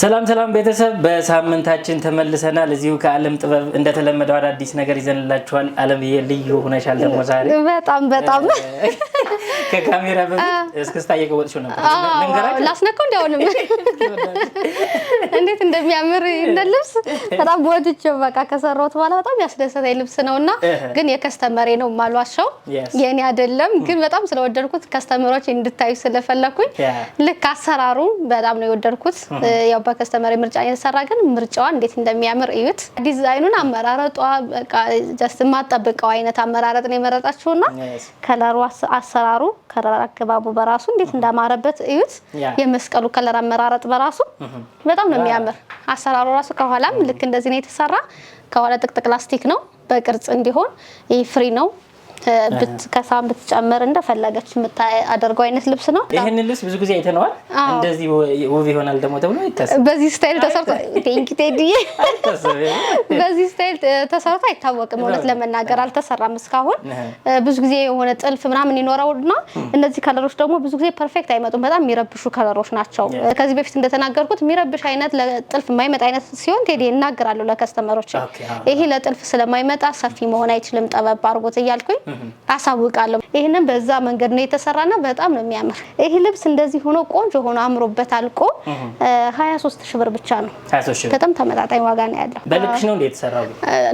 ሰላም ሰላም ቤተሰብ፣ በሳምንታችን ተመልሰናል። እዚሁ ከአለም ጥበብ እንደተለመደው አዳዲስ ነገር ይዘንላችኋል። አለምዬ ልዩ ሆነሻል ደግሞ ዛሬ በጣም በጣም ከካሜራ በፊት እስክስታ እየቀወጥሽው ነበር። ላስነካው እንዲያውንም እንዴት እንደሚያምር ልብስ በጣም ወድጀው በቃ ከሰራሁት በኋላ በጣም ያስደሰተኝ ልብስ ነውና፣ ግን የከስተመሬ ነው ማሏቸው የኔ አይደለም። ግን በጣም ስለወደድኩት ከስተመሮች እንድታዩ ስለፈለኩኝ ልክ አሰራሩ በጣም ነው የወደድኩት። ያው በከስተመሬ ምርጫ የተሰራ ግን ምርጫዋ እንዴት እንደሚያምር እዩት። ዲዛይኑን አመራረጧ በቃ ጀስት የማጠብቀው አይነት አመራረጥ ነው የመረጣችሁና ከለሩ አሰራሩ ከለር አገባቡ በራሱ እንዴት እንዳማረበት እዩት። የመስቀሉ ከለር አመራረጥ በራሱ በጣም ነው የሚያምር። አሰራሩ ራሱ ከኋላም ልክ እንደዚህ ነው የተሰራ። ከኋላ ጥቅጥቅ ላስቲክ ነው በቅርጽ እንዲሆን። ይህ ፍሪ ነው ከሳም ብትጨምር እንደፈለገች የምታደርገው አይነት ልብስ ነው። ይህን ልብስ ብዙ ጊዜ አይተነዋል። እንደዚህ ውብ ይሆናል ደግሞ ተብሎ አይታሰብም። በዚህ ስታይል ተሰርቶ ቴንኪ ቴዲዬ፣ በዚህ ስታይል ተሰርቶ አይታወቅም። እውነት ለመናገር አልተሰራም እስካሁን። ብዙ ጊዜ የሆነ ጥልፍ ምናምን ይኖረውና እነዚህ ከለሮች ደግሞ ብዙ ጊዜ ፐርፌክት አይመጡም። በጣም የሚረብሹ ከለሮች ናቸው። ከዚህ በፊት እንደተናገርኩት የሚረብሽ አይነት ለጥልፍ የማይመጣ አይነት ሲሆን ቴዲ እናገራለሁ ለከስተመሮች ይሄ ለጥልፍ ስለማይመጣ ሰፊ መሆን አይችልም ጠበብ አድርጎት እያልኩኝ አሳውቃለሁ። ይህንን በዛ መንገድ ነው የተሰራና በጣም ነው የሚያምር። ይህ ልብስ እንደዚህ ሆኖ ቆንጆ ሆኖ አምሮበት አልቆ 23 ሺህ ብር ብቻ ነው። በጣም ተመጣጣኝ ዋጋ ነው ያለው። በልክሽ ነው የተሰራው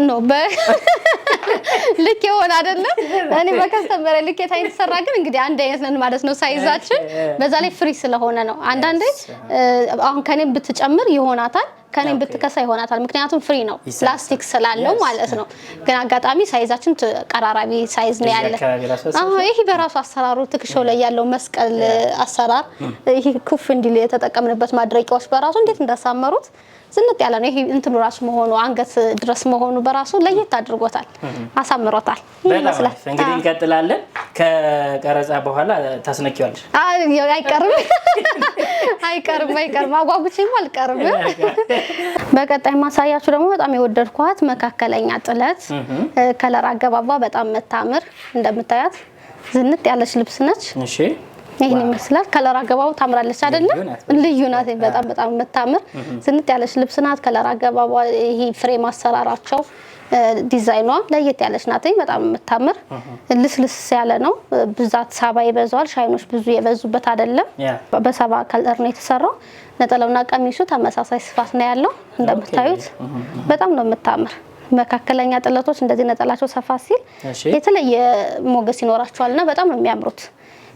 ነው ልክ የሆነ አይደለም። እኔ በከስተመረ ልክ የታይ የተሰራ ግን እንግዲህ አንድ አይነት ነን ማለት ነው ሳይዛችን። በዛ ላይ ፍሪ ስለሆነ ነው። አንዳንዴ አሁን ከኔ ብትጨምር ይሆናታል ከኔ ብትከሳ ይሆናታል። ምክንያቱም ፍሪ ነው ፕላስቲክ ስላለው ማለት ነው። ግን አጋጣሚ ሳይዛችን ተቀራራቢ ሳይዝ ነው ያለ። ይህ በራሱ አሰራሩ ትከሻው ላይ ያለው መስቀል አሰራር mm. ይህ ኩፍ እንዲል የተጠቀምንበት ማድረቂያዎች በራሱ እንዴት እንዳሳመሩት ዝንጥ ያለ ነው። ይሄ እንትኑ ራሱ መሆኑ አንገት ድረስ መሆኑ በራሱ ለየት አድርጎታል፣ አሳምሮታል። ይመስላል እንግዲህ እንቀጥላለን። ከቀረጻ በኋላ ታስነኪዋለሽ። አይቀርም አይቀርም አይቀርም፣ አጓጉቼም አልቀርም። በቀጣይ ማሳያችሁ ደግሞ በጣም የወደድኳት መካከለኛ ጥለት ከለር አገባቧ በጣም መታምር እንደምታያት ዝንጥ ያለች ልብስ ነች። ይህን ይመስላል። ከለር አገባቡ ታምራለች አይደለም? ልዩ ናት። በጣም በጣም የምታምር ዝንጥ ያለች ልብስ ናት። ከለር አገባቧ፣ ይሄ ፍሬም አሰራራቸው፣ ዲዛይኗ ለየት ያለች ናት። በጣም የምታምር ልስልስ ያለ ነው። ብዛት ሰባ ይበዛዋል። ሻይኖች ብዙ የበዙበት አይደለም። በሰባ ከለር ነው የተሰራው። ነጠላውና ቀሚሱ ተመሳሳይ ስፋት ነው ያለው። እንደምታዩት በጣም ነው የምታምር መካከለኛ ጥለቶች እንደዚህ ነጠላቸው ሰፋ ሲል የተለየ ሞገስ ይኖራቸዋል እና በጣም የሚያምሩት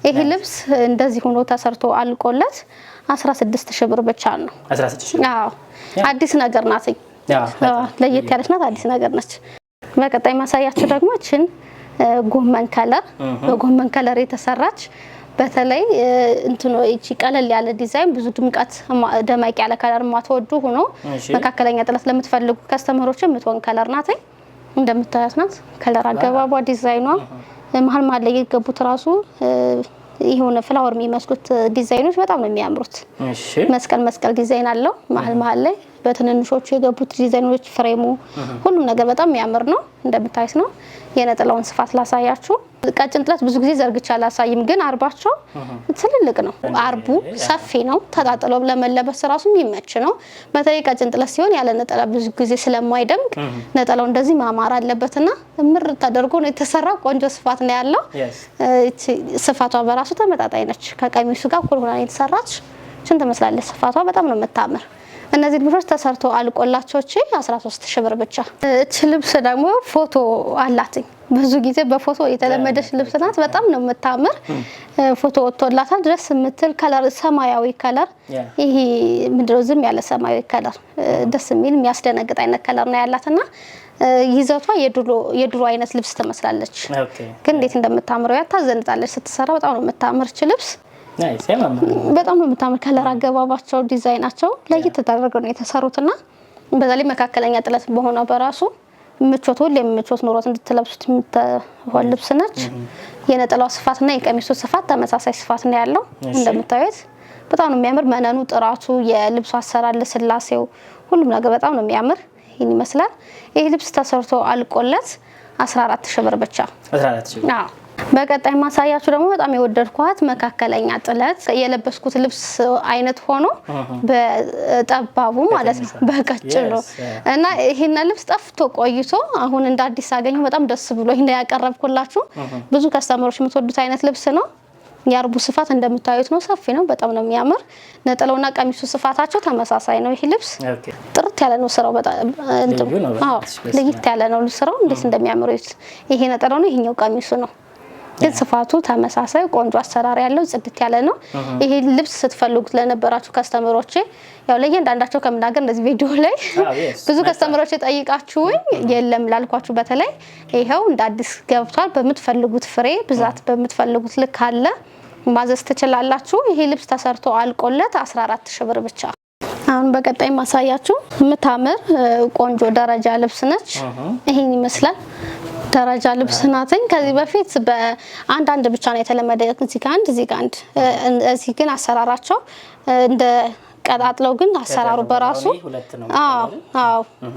ይሄ ልብስ እንደዚህ ሆኖ ተሰርቶ አልቆለት 16 ሺህ ብር ብቻ ነው። 16 አዎ፣ አዲስ ነገር ናት። ለየት ያለች ናት፣ አዲስ ነገር ነች። በቀጣይ ማሳያችሁ ደግሞ እችን ጎመን ከለር በጎመን ከለር የተሰራች በተለይ እንትኖ እቺ ቀለል ያለ ዲዛይን ብዙ ድምቀት ደማቅ ያለ ከለር ማትወዱ ሆኖ መካከለኛ ጥለት ለምትፈልጉ ከስተመሮች የምትሆን ከለር ናት። እንደምታያት ናት። ከለር አገባቧ ዲዛይኗ መሀል መሀል ላይ የገቡት ራሱ የሆነ ፍላወር የሚመስሉት ዲዛይኖች በጣም ነው የሚያምሩት። መስቀል መስቀል ዲዛይን አለው መሀል መሀል ላይ በትንንሾቹ የገቡት ዲዛይኖች፣ ፍሬሙ፣ ሁሉም ነገር በጣም የሚያምር ነው። እንደምታዩት ነው። የነጠላውን ስፋት ላሳያችሁ። ቀጭን ጥለት ብዙ ጊዜ ዘርግቻ አላሳይም፣ ግን አርባቸው ትልልቅ ነው። አርቡ ሰፊ ነው። ተጣጥሎ ለመለበስ ራሱ የሚመች ነው። በተለይ ቀጭን ጥለት ሲሆን ያለ ነጠላ ብዙ ጊዜ ስለማይደምቅ ነጠላው እንደዚህ ማማር አለበትና ምር ተደርጎ ነው የተሰራ። ቆንጆ ስፋት ነው ያለው። ስፋቷ በራሱ ተመጣጣኝ ነች። ከቀሚሱ ጋር እኩል ሆና የተሰራች ችን ትመስላለች። ስፋቷ በጣም ነው የምታምር። እነዚህ ልብሶች ተሰርቶ አልቆላቸው እቺ 13 ሺህ ብር ብቻ። እች ልብስ ደግሞ ፎቶ አላትኝ ብዙ ጊዜ በፎቶ የተለመደች ልብስ ናት። በጣም ነው የምታምር። ፎቶ ወጥቶላታል። ድረስ የምትል ከለር ሰማያዊ ከለር፣ ይሄ ምንድን ዝም ያለ ሰማያዊ ከለር፣ ደስ የሚል የሚያስደነግጥ አይነት ከለር ነው ያላት ይዘቷ የድሮ አይነት ልብስ ትመስላለች፣ ግን እንዴት እንደምታምረው ያታዘንጣለች ስትሰራ። በጣም ነው የምታምር ልብስ በጣም ነው የምታምር። ከለር አገባባቸው፣ ዲዛይናቸው ለየት ተደረገ ነው የተሰሩት እና በዛ ላይ መካከለኛ ጥለት በሆነ በራሱ ምቾት ሁሌ ምቾት ኖሮት እንድትለብሱት የምትሆን ልብስ ነች። የነጠላው ስፋትና የቀሚሱ ስፋት ተመሳሳይ ስፋት ነው ያለው። እንደምታዩት በጣም ነው የሚያምር። መነኑ፣ ጥራቱ፣ የልብሱ አሰራር፣ ልስላሴው፣ ሁሉም ነገር በጣም ነው የሚያምር። ይህን ይመስላል። ይህ ልብስ ተሰርቶ አልቆለት 14 ሺህ ብር ብቻ በቀጣይ ማሳያችሁ ደግሞ በጣም የወደድኳት መካከለኛ ጥለት የለበስኩት ልብስ አይነት ሆኖ በጠባቡ ማለት ነው በቀጭኑ እና ይሄን ልብስ ጠፍቶ ቆይቶ አሁን እንደ አዲስ አገኘ። በጣም ደስ ብሎ ይሄን ያቀረብኩላችሁ ብዙ ከስተመሮች የምትወዱት አይነት ልብስ ነው። የአርቡ ስፋት እንደምታዩት ነው፣ ሰፊ ነው። በጣም ነው የሚያምር። ነጠለውና ቀሚሱ ስፋታቸው ተመሳሳይ ነው። ይህ ልብስ ጥርት ያለ ነው ስራው፣ ልዩት ያለ ነው ስራው። እንዴት እንደሚያምሩት! ይሄ ነጠለው ነው፣ ይሄኛው ቀሚሱ ነው። ግን ስፋቱ ተመሳሳይ ቆንጆ አሰራር ያለው ጽድት ያለ ነው። ይሄ ልብስ ስትፈልጉት ለነበራችሁ ከስተመሮቼ ያው ለእያንዳንዳቸው ከምናገር እንደዚህ ቪዲዮ ላይ ብዙ ከስተምሮች ጠይቃችሁኝ የለም ላልኳችሁ በተለይ ይኸው እንደ አዲስ ገብቷል። በምትፈልጉት ፍሬ ብዛት በምትፈልጉት ልክ አለ ማዘዝ ትችላላችሁ። ይሄ ልብስ ተሰርቶ አልቆለት 14 ሺ ብር ብቻ። አሁን በቀጣይ ማሳያችሁ የምታምር ቆንጆ ደረጃ ልብስ ነች። ይሄን ይመስላል ደረጃ ልብስ ናትኝ። ከዚህ በፊት በአንዳንድ ብቻ ነው የተለመደ። እዚህ ጋ አንድ፣ እዚህ ጋ አንድ። እዚህ ግን አሰራራቸው እንደ ቀጣጥለው ግን አሰራሩ በራሱ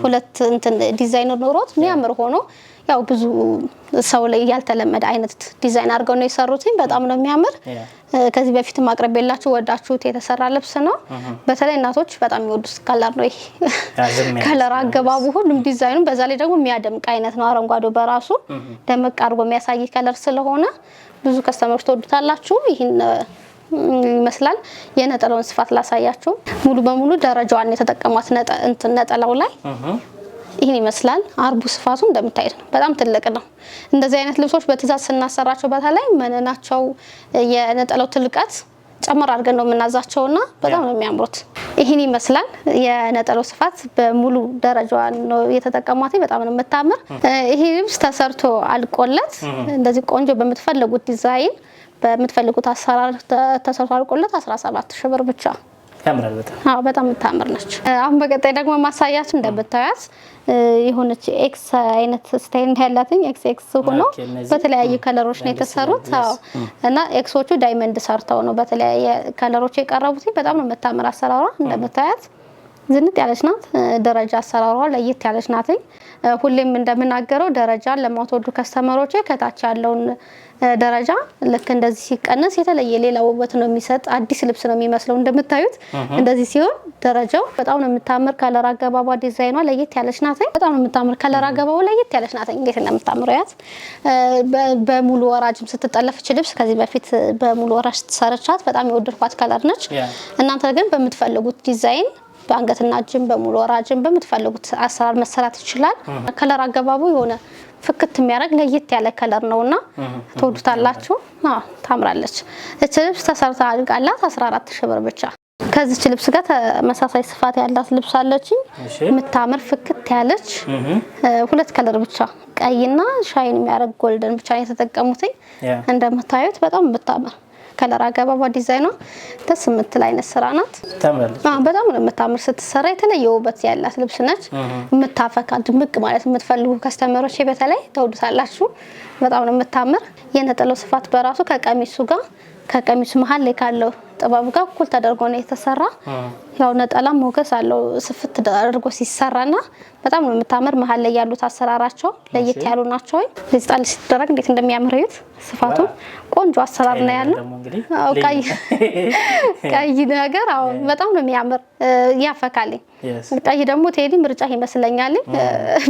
ሁለት እንትን ዲዛይን ኖሮት የሚያምር ሆኖ ያው ብዙ ሰው ላይ ያልተለመደ አይነት ዲዛይን አድርገው ነው የሰሩትኝ። በጣም ነው የሚያምር። ከዚህ በፊት ማቅረብ የላችሁ ወዳችሁት የተሰራ ልብስ ነው። በተለይ እናቶች በጣም የሚወዱት ከለር ነው ከለር አገባቡ፣ ሁሉም ዲዛይኑ፣ በዛ ላይ ደግሞ የሚያደምቅ አይነት ነው። አረንጓዴው በራሱ ደመቅ አድርጎ የሚያሳይ ከለር ስለሆነ ብዙ ከስተመሮች ትወዱታላችሁ። ይህን ይመስላል። የነጠላውን ስፋት ላሳያችሁ። ሙሉ በሙሉ ደረጃዋን የተጠቀሟት ነጠላው ላይ ይህን ይመስላል። አርቡ ስፋቱ እንደምታዩት ነው። በጣም ትልቅ ነው። እንደዚህ አይነት ልብሶች በትእዛዝ ስናሰራቸው በተለይ መነናቸው የነጠለው ትልቀት ጨመር አድርገን ነው የምናዛቸውና በጣም ነው የሚያምሩት። ይህን ይመስላል የነጠለው ስፋት በሙሉ ደረጃ ነው የተጠቀሟት። በጣም ነው የምታምር። ይህ ልብስ ተሰርቶ አልቆለት እንደዚህ ቆንጆ በምትፈልጉት ዲዛይን በምትፈልጉት አሰራር ተሰርቶ አልቆለት 17 ሺህ ብር ብቻ ያምራል በጣም አዎ፣ በጣም የምታምር ነች። አሁን በቀጣይ ደግሞ ማሳያች እንደምታያት የሆነች ኤክስ አይነት ስታይል እንዳያላትኝ ኤክስ ኤክስ ሆኖ በተለያዩ ከለሮች ነው የተሰሩት። እና ኤክሶቹ ዳይመንድ ሰርተው ነው በተለያየ ከለሮች የቀረቡት። በጣም ነው የምታምር አሰራሯ እንደምታያት ዝንጥ ያለች ናት። ደረጃ አሰራሯ ለየት ያለች ናትኝ። ሁሌም እንደምናገረው ደረጃን ለማትወዱ ከስተመሮች ከታች ያለውን ደረጃ ልክ እንደዚህ ሲቀነስ የተለየ ሌላ ውበት ነው የሚሰጥ። አዲስ ልብስ ነው የሚመስለው እንደምታዩት። እንደዚህ ሲሆን ደረጃው በጣም ነው የምታምር። ከለር አገባቧ ዲዛይኗ ለየት ያለች ናትኝ። በጣም ነው የምታምር። ከለር አገባቡ ለየት ያለች ናትኝ። እንዴት እንደምታምር ያት። በሙሉ ወራጅም ስትጠለፍች ልብስ ከዚህ በፊት በሙሉ ወራጅ ስትሰርቻት በጣም የወደድኳት ከለር ነች። እናንተ ግን በምትፈልጉት ዲዛይን በአንገትና ጅን በሙሉ ጅም በምትፈልጉት አሰራር መሰራት ይችላል። ከለር አገባቡ የሆነ ፍክት የሚያደርግ ለየት ያለ ከለር ነው እና ትወዱታላችሁ። ታምራለች። እች ልብስ ተሰርታ አድቃላት 14 ሺህ ብር ብቻ። ከዚች ልብስ ጋር ተመሳሳይ ስፋት ያላት ልብስ አለችኝ። የምታምር ፍክት ያለች ሁለት ከለር ብቻ ቀይና ሻይን የሚያደርግ ጎልደን ብቻ ነው የተጠቀሙትኝ። እንደምታዩት በጣም የምታምር ከለር አገባባ ዲዛይኗ ደስ የምትል አይነት ስራ ናት። በጣም ነው የምታምር ስትሰራ የተለየ ውበት ያላት ልብስ ነች። የምታፈካ ድምቅ ማለት የምትፈልጉ ከስተመሮች በተለይ ተውዱታላችሁ። በጣም ነው የምታምር። የነጠለው ስፋት በራሱ ከቀሚሱ ጋር ከቀሚሱ መሀል ላይ ካለው ጥበብ ጋር እኩል ተደርጎ ነው የተሰራ። ያው ነጠላ ሞገስ አለው ስፍት ተደርጎ ሲሰራና በጣም ነው የምታምር። መሀል ላይ ያሉት አሰራራቸው ለየት ያሉ ናቸው። ልጅ ጣል ሲደረግ እንዴት እንደሚያምር እዩት። ስፋቱ ቆንጆ አሰራር ነው ያለው። ቀይ ነገር አው በጣም ነው የሚያምር ያፈካልኝ። ቀይ ደግሞ ቴዲ ምርጫ ይመስለኛል።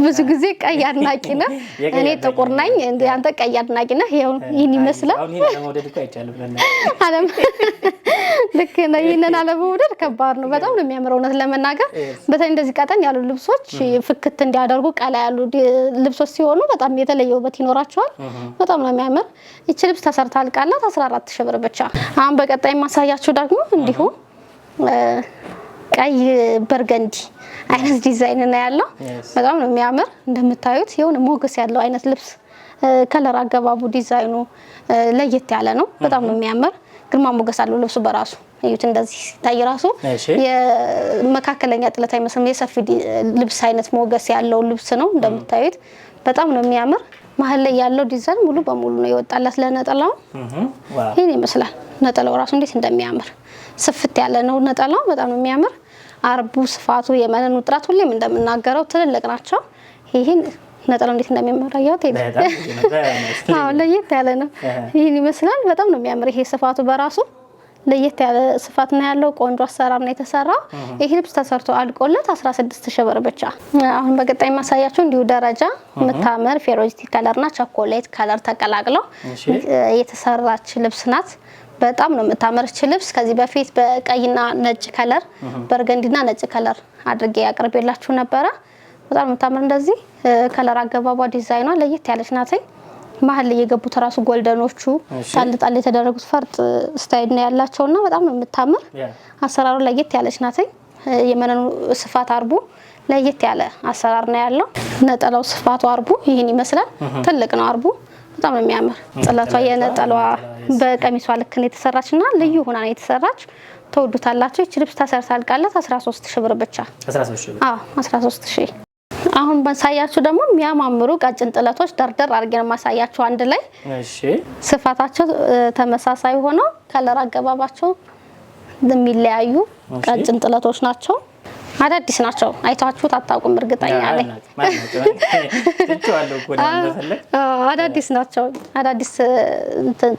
ብዙ ጊዜ ቀይ አድናቂ ነህ፣ እኔ ጥቁር ነኝ። አንተ ቀይ አድናቂ ነህ። ይህን ይመስላል አለም ልክ ይህንን አለመውደድ ከባድ ነው። በጣም ነው የሚያምረው እውነት ለመናገር በተለይ እንደዚህ ቀጠን ያሉ ልብሶች ፍክት እንዲያደርጉ ቀላ ያሉ ልብሶች ሲሆኑ በጣም የተለየ ውበት ይኖራቸዋል። በጣም ነው የሚያምር። ይቺ ልብስ ተሰርታ አልቃላት 14 ሺህ ብር ብቻ። አሁን በቀጣይ የማሳያችሁ ደግሞ እንዲሁ ቀይ በርገንዲ አይነት ዲዛይን ነው ያለው። በጣም ነው የሚያምር። እንደምታዩት የሆነ ሞገስ ያለው አይነት ልብስ ከለር አገባቡ ዲዛይኑ ለየት ያለ ነው። በጣም ነው የሚያምር ግርማ ሞገስ አለው ልብሱ በራሱ እዩት። እንደዚህ ሲታይ ራሱ የመካከለኛ ጥለት አይመስልም። የሰፊ ልብስ አይነት ሞገስ ያለው ልብስ ነው። እንደምታዩት በጣም ነው የሚያምር። መሀል ላይ ያለው ዲዛይን ሙሉ በሙሉ ነው የወጣላት ለነጠላው። ይህን ይመስላል ነጠላው ራሱ እንዴት እንደሚያምር ስፍት ያለ ነው ነጠላው። በጣም ነው የሚያምር። አርቡ ስፋቱ፣ የመነኑ ጥራት ሁሌም እንደምናገረው ትልልቅ ናቸው። ይህን ነጠላው እንዴት እንደሚያምር አያውት ለየት ያለ ነው። ይህን ይመስላል። በጣም ነው የሚያምር። ይሄ ስፋቱ በራሱ ለየት ያለ ስፋት ነው ያለው። ቆንጆ አሰራር ነው የተሰራው። ይህ ልብስ ተሰርቶ አልቆለት 16 ሺህ ብር ብቻ። አሁን በቀጣይ ማሳያቸው እንዲሁ ደረጃ የምታምር ፌሮዚቲ ና ቸኮሌት ከለር ተቀላቅለው የተሰራች ልብስ ናት። በጣም ነው የምታመርች ልብስ። ከዚህ በፊት በቀይና ነጭ ከለር በርገንዲና ነጭ ከለር አድርጌ ያቀርቤላችሁ ነበረ። በጣም የምታምር እንደዚህ ከለር አገባቧ ዲዛይኗ ለየት ያለች ናትኝ። መሀል ላይ የገቡት ራሱ ጎልደኖቹ ጣል ጣል የተደረጉት ፈርጥ ስታይል ነው ያላቸው እና በጣም ነው የምታምር። አሰራሩ ለየት ያለች ናትኝ። የመነኑ ስፋት አርቡ ለየት ያለ አሰራር ነው ያለው። ነጠላው ስፋቱ አርቡ ይህን ይመስላል። uh-huh. ትልቅ ነው አርቡ በጣም ነው የሚያምር። ጥለቷ የነጠላዋ በቀሚሷ ልክ ነው የተሰራች እና ልዩ ሆና ነው የተሰራች። ተወዱታላቸው። ይች ልብስ ተሰርታ አልቃለት 13 ሺህ ብር ብቻ። 13 አሁን ማሳያችሁ ደግሞ የሚያማምሩ ቀጭን ጥለቶች ደርደር አድርጌ ነው ማሳያችሁ አንድ ላይ። እሺ ስፋታቸው ተመሳሳይ ሆኖ ከለር አገባባቸው የሚለያዩ ቀጭን ጥለቶች ናቸው። አዳዲስ ናቸው። አይታችሁት አታውቁም፣ እርግጠኛ ነኝ። አዳዲስ ናቸው። አዳዲስ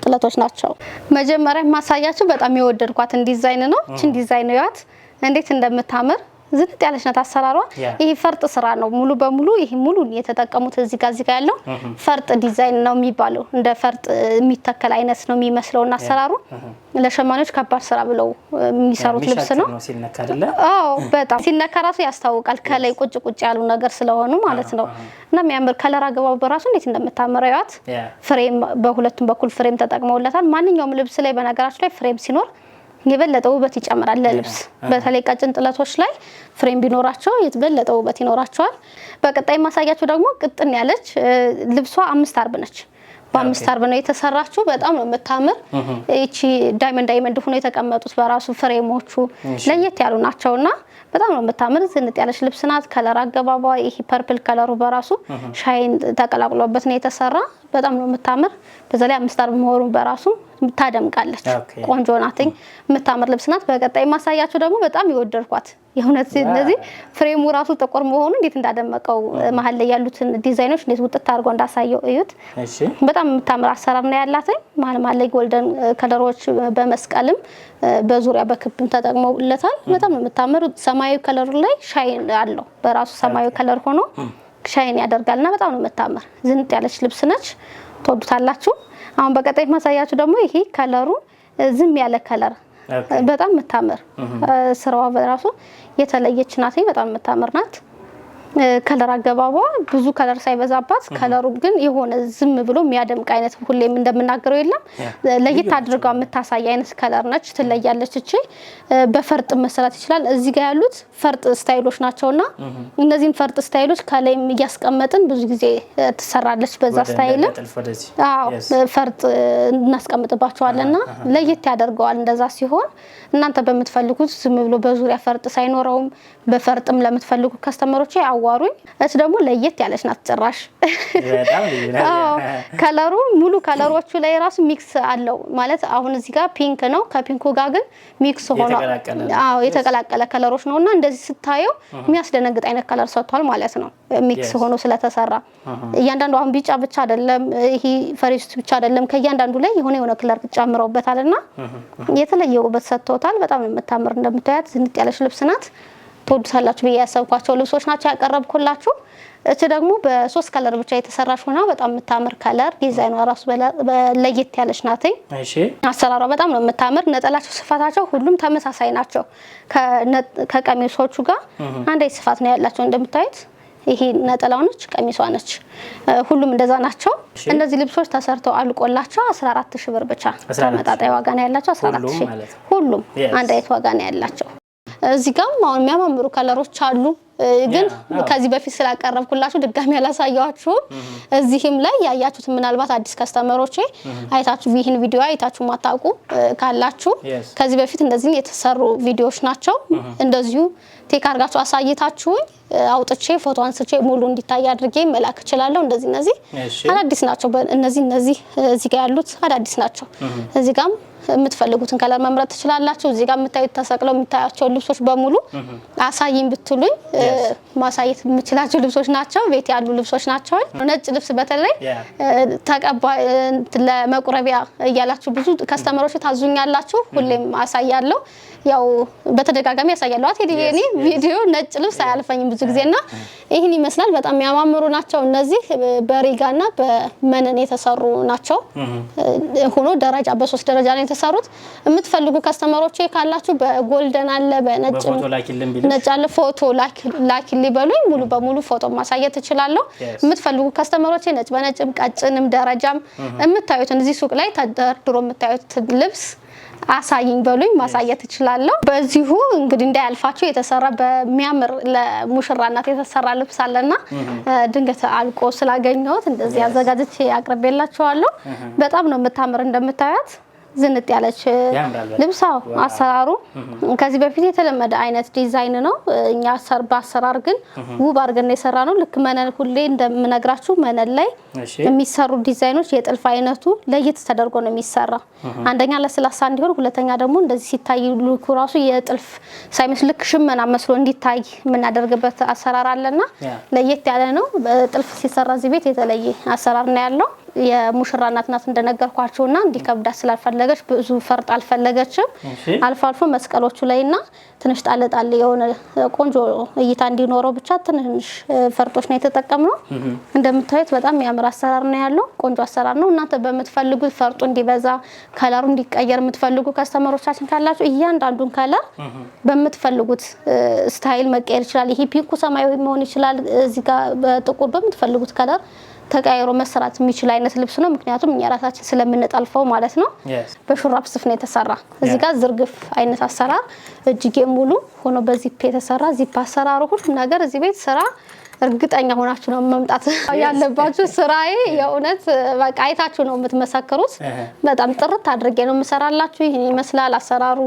ጥለቶች ናቸው። መጀመሪያ ማሳያችሁ በጣም የወደድኳትን ዲዛይን ነው። እችን ዲዛይን ያት እንዴት እንደምታምር ዝንጥ ያለች ናት አሰራሯ። ይሄ ፈርጥ ስራ ነው ሙሉ በሙሉ ይሄ ሙሉ የተጠቀሙት እዚህ ጋር እዚህ ጋር ያለው ፈርጥ ዲዛይን ነው የሚባለው። እንደ ፈርጥ የሚተከል አይነት ነው የሚመስለውና አሰራሩ ለሸማኔዎች ከባድ ስራ ብለው የሚሰሩት ልብስ ነው። አዎ በጣም ሲነካ ራሱ ያስታውቃል። ከላይ ቁጭ ቁጭ ያሉ ነገር ስለሆኑ ማለት ነው። እና የሚያምር ከለር አገባቡ በራሱ እንዴት ያት ፍሬም፣ በሁለቱም በኩል ፍሬም ተጠቅመውለታል። ማንኛውም ልብስ ላይ በነገራችሁ ላይ ፍሬም ሲኖር የበለጠ ውበት ይጨምራል ለልብስ በተለይ ቀጭን ጥለቶች ላይ ፍሬም ቢኖራቸው የበለጠ ውበት ይኖራቸዋል። በቀጣይ ማሳያቸው ደግሞ ቅጥን ያለች ልብሷ አምስት አርብ ነች። በአምስት አርብ ነው የተሰራችው። በጣም ነው የምታምር። ይቺ ዳይመንድ ዳይመንድ ሆኖ የተቀመጡት በራሱ ፍሬሞቹ ለየት ያሉ ናቸውና በጣም ነው የምታምር። ዝንጥ ያለች ልብስ ናት። ከለር አገባቧ ይሄ ፐርፕል ከለሩ በራሱ ሻይን ተቀላቅሎበት ነው የተሰራ በጣም ነው የምታምር። በዛ ላይ አምስት አርብ መሆኑ በራሱ ታደምቃለች። ቆንጆ ናትኝ የምታምር ልብስ ናት። በቀጣይ ማሳያቸው ደግሞ በጣም የወደድኳት የእውነት እነዚህ ፍሬሙ ራሱ ጥቁር መሆኑ እንዴት እንዳደመቀው መሀል ላይ ያሉትን ዲዛይኖች እንዴት ውጥት አድርጎ እንዳሳየው እዩት። በጣም የምታምር አሰራር ነው ያላትኝ። መሀል መሀል ላይ ጎልደን ከለሮች በመስቀልም በዙሪያ በክብም ተጠቅመውለታል። በጣም ነው የምታምር። ሰማያዊ ከለሩ ላይ ሻይ አለው በራሱ ሰማያዊ ከለር ሆኖ ሻይን ያደርጋል እና በጣም ነው የምታምር ዝንጥ ያለች ልብስ ነች። ትወዱታላችሁ። አሁን በቀጣይ ማሳያችሁ ደግሞ ይሄ ከለሩ ዝም ያለ ከለር በጣም የምታምር ስራዋ በራሱ የተለየች ናት። በጣም የምታምር ናት። ከለር አገባቧ ብዙ ከለር ሳይበዛባት ከለሩ ግን የሆነ ዝም ብሎ የሚያደምቅ አይነት ሁሌም እንደምናገረው የለም ለየት አድርጋ የምታሳይ አይነት ከለር ነች፣ ትለያለች። እቺ በፈርጥ መሰራት ይችላል። እዚህ ጋር ያሉት ፈርጥ ስታይሎች እና እነዚህን ፈርጥ ስታይሎች ከላይም እያስቀመጥን ብዙ ጊዜ ትሰራለች። በዛ ስታይል ፈርጥ እናስቀምጥባቸዋለንና ለየት ያደርገዋል። እንደዛ ሲሆን እናንተ በምትፈልጉት ዝም ብሎ በዙሪያ ፈርጥ ሳይኖረውም በፈርጥም ለምትፈልጉ ከስተመሮች አዋሩኝ። እች ደግሞ ለየት ያለች ናት ጭራሽ። ከለሩ ሙሉ ከለሮቹ ላይ ራሱ ሚክስ አለው ማለት አሁን እዚህ ጋር ፒንክ ነው፣ ከፒንኩ ጋር ግን ሚክስ ሆኖ የተቀላቀለ ከለሮች ነው እና እንደዚህ ስታየው የሚያስደነግጥ አይነት ከለር ሰጥቷል ማለት ነው ሚክስ ሆኖ ስለተሰራ እያንዳንዱ አሁን ቢጫ ብቻ አይደለም፣ ይሄ ፈሬስት ብቻ አይደለም። ከእያንዳንዱ ላይ የሆነ የሆነ ክለር ጨምረውበታል እና የተለየ ውበት ሰጥቶታል። በጣም የምታምር እንደምታያት ዝንጥ ያለች ልብስ ናት። ትወዱታላችሁ ብዬ ያሰብኳቸው ልብሶች ናቸው ያቀረብኩላችሁ። እች ደግሞ በሶስት ከለር ብቻ የተሰራች ሆና በጣም የምታምር ከለር ዲዛይኗ ራሱ ለየት ያለች ናትኝ። አሰራሯ በጣም ነው የምታምር። ነጠላቸው ስፋታቸው ሁሉም ተመሳሳይ ናቸው ከቀሚሶቹ ጋር አንድ ስፋት ነው ያላቸው እንደምታዩት ይሄ ነጠላው ነች፣ ቀሚሷ ነች። ሁሉም እንደዛ ናቸው። እነዚህ ልብሶች ተሰርተው አልቆላቸው 14 ሺህ ብር ብቻ ተመጣጣኝ ዋጋ ነው ያላቸው። 14 ሺህ ሁሉም አንድ አይነት ዋጋ ነው ያላቸው። እዚህ ጋም አሁን የሚያማምሩ ከለሮች አሉ ግን ከዚህ በፊት ስላቀረብኩላችሁ ድጋሚ ያላሳያችሁም። እዚህም ላይ ያያችሁት ምናልባት አዲስ ከስተመሮቼ አይታችሁ ይህን ቪዲዮ አይታችሁ ማታውቁ ካላችሁ ከዚህ በፊት እንደዚህ የተሰሩ ቪዲዮዎች ናቸው እንደዚሁ ቴክ አርጋችሁ አሳይታችሁኝ አውጥቼ ፎቶ አንስቼ ሙሉ እንዲታይ አድርጌ መላክ እችላለሁ። እንደዚህ እነዚህ አዳዲስ ናቸው። እነዚህ እነዚህ እዚህ ጋር ያሉት አዳዲስ ናቸው። እዚህ ጋም የምትፈልጉትን ከለር መምረጥ ትችላላችሁ። እዚህ ጋር የምታዩት ተሰቅለው የምታያቸው ልብሶች በሙሉ አሳይኝ ብትሉኝ ማሳየት የምችላቸው ልብሶች ናቸው። ቤት ያሉ ልብሶች ናቸው። ነጭ ልብስ በተለይ ተቀባይ ለመቁረቢያ እያላችሁ ብዙ ከስተመሮች ታዙኛላችሁ። ሁሌም አሳያለሁ። ያው በተደጋጋሚ ያሳያለሁ አት እኔ ቪዲዮ ነጭ ልብስ አያልፈኝም ብዙ ጊዜና ይህን ይመስላል። በጣም የሚያማምሩ ናቸው እነዚህ በሪጋና በመነን የተሰሩ ናቸው። ሆኖ ደረጃ በሶስት ደረጃ ነው የተሰሩት። የምትፈልጉ ከስተመሮች ካላችሁ በጎልደን አለ በነጭ ነጭ አለ። ፎቶ ላኪ ሊበሉኝ ሙሉ በሙሉ ፎቶ ማሳየት እችላለሁ። የምትፈልጉ ከስተመሮች ነጭ በነጭም ቀጭንም ደረጃም የምታዩት እዚህ ሱቅ ላይ ተደርድሮ የምታዩት ልብስ አሳይኝ በሉኝ ማሳየት እችላለሁ። በዚሁ እንግዲህ እንዳያልፋቸው የተሰራ በሚያምር ለሙሽራናት የተሰራ ልብስ አለና ድንገት አልቆ ስላገኘሁት እንደዚህ አዘጋጅቼ አቅርቤላቸዋለሁ። በጣም ነው የምታምር እንደምታያት ዝንጥ ያለች ልብሳው አሰራሩ ከዚህ በፊት የተለመደ አይነት ዲዛይን ነው። እኛ በአሰራር ግን ውብ አድርገን የሰራ ነው። ልክ መነን ሁሌ እንደምነግራችሁ መነን ላይ የሚሰሩ ዲዛይኖች የጥልፍ አይነቱ ለየት ተደርጎ ነው የሚሰራ። አንደኛ ለስላሳ እንዲሆን፣ ሁለተኛ ደግሞ እንደዚህ ሲታይ ልኩ ራሱ የጥልፍ ሳይመስል ልክ ሽመና መስሎ እንዲታይ የምናደርግበት አሰራር አለና ለየት ያለ ነው። ጥልፍ ሲሰራ እዚህ ቤት የተለየ አሰራር ነው ያለው። የሙሽራ እናት ናት እንደነገርኳችሁና እንዲከብዳት ስላልፈለገች ብዙ ፈርጥ አልፈለገችም። አልፎ አልፎ መስቀሎቹ ላይና ትንሽ ጣለጣል የሆነ ቆንጆ እይታ እንዲኖረው ብቻ ትንሽ ፈርጦች ነው የተጠቀምነው። እንደምታዩት በጣም የሚያምር አሰራር ነው ያለው። ቆንጆ አሰራር ነው። እናንተ በምትፈልጉት ፈርጡ እንዲበዛ ከለሩ እንዲቀየር የምትፈልጉ ከስተመሮቻችን ካላችሁ እያንዳንዱን ከለር በምትፈልጉት ስታይል መቀየር ይችላል። ይሄ ፒንኩ ሰማያዊ መሆን ይችላል። እዚህ ጋር በጥቁር በምትፈልጉት ከለር ተቀያይሮ መሰራት የሚችል አይነት ልብስ ነው። ምክንያቱም እኛ ራሳችን ስለምንጠልፈው ማለት ነው። በሹራብ ስፍ ነው የተሰራ። እዚህ ጋር ዝርግፍ አይነት አሰራር እጅጌ ሙሉ ሆኖ በዚፕ የተሰራ ዚፕ አሰራሩ ሁሉም ነገር እዚህ ቤት ስራ እርግጠኛ ሆናችሁ ነው መምጣት ያለባችሁ። ስራዬ የእውነት በቃ አይታችሁ ነው የምትመሰክሩት። uh-huh. በጣም ጥርት አድርጌ ነው የምሰራላችሁ። ይህን ይመስላል አሰራሩ።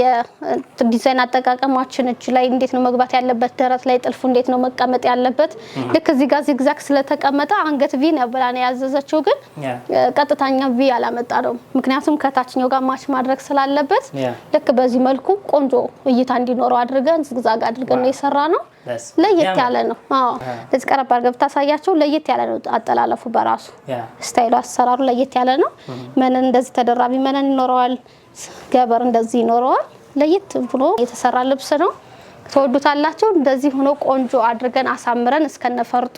የዲዛይን አጠቃቀማችን እጅ ላይ እንዴት ነው መግባት ያለበት፣ ደረት ላይ ጥልፉ እንዴት ነው መቀመጥ ያለበት። uh-huh. ልክ እዚህ ጋር ዚግዛግ ስለተቀመጠ አንገት ቪ ነው ነው ያዘዘችው፣ ግን ቀጥታኛ ቪ አላመጣ ነው። ምክንያቱም ከታችኛው ጋር ማች ማድረግ ስላለበት ልክ በዚህ መልኩ ቆንጆ እይታ እንዲኖረው አድርገን ዝግዛግ አድርገን ነው የሰራ ነው። ለየት ያለ ነው። አዎ እንደዚህ ቀረብ አድርገህ ብታሳያቸው ለየት ያለ ነው። አጠላለፉ በራሱ ስታይሉ፣ አሰራሩ ለየት ያለ ነው። መነን እንደዚህ ተደራቢ መነን ይኖረዋል። ገበር እንደዚህ ይኖረዋል። ለየት ብሎ የተሰራ ልብስ ነው። ተወዱታላችሁ። እንደዚህ ሆኖ ቆንጆ አድርገን አሳምረን እስከነፈርጡ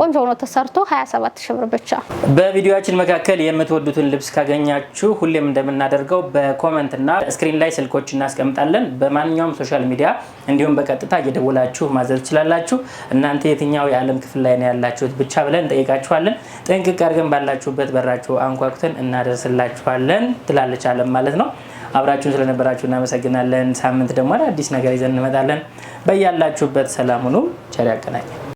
ቆንጆ ሆኖ ተሰርቶ 27 ሺህ ብር ብቻ። በቪዲዮችን መካከል የምትወዱትን ልብስ ካገኛችሁ ሁሌም እንደምናደርገው በኮመንትና ስክሪን ላይ ስልኮች እናስቀምጣለን። በማንኛውም ሶሻል ሚዲያ እንዲሁም በቀጥታ እየደወላችሁ ማዘዝ ትችላላችሁ። እናንተ የትኛው የዓለም ክፍል ላይ ነው ያላችሁት ብቻ ብለን እንጠይቃችኋለን። ጥንቅቅ አድርገን ባላችሁበት በራችሁ አንኳኩተን እናደርስላችኋለን ትላለች አለም ማለት ነው። አብራችሁን ስለነበራችሁ እናመሰግናለን። ሳምንት ደግሞ አዲስ ነገር ይዘን እንመጣለን። በያላችሁበት ሰላም ሁኑ። ቸር ያገናኘን።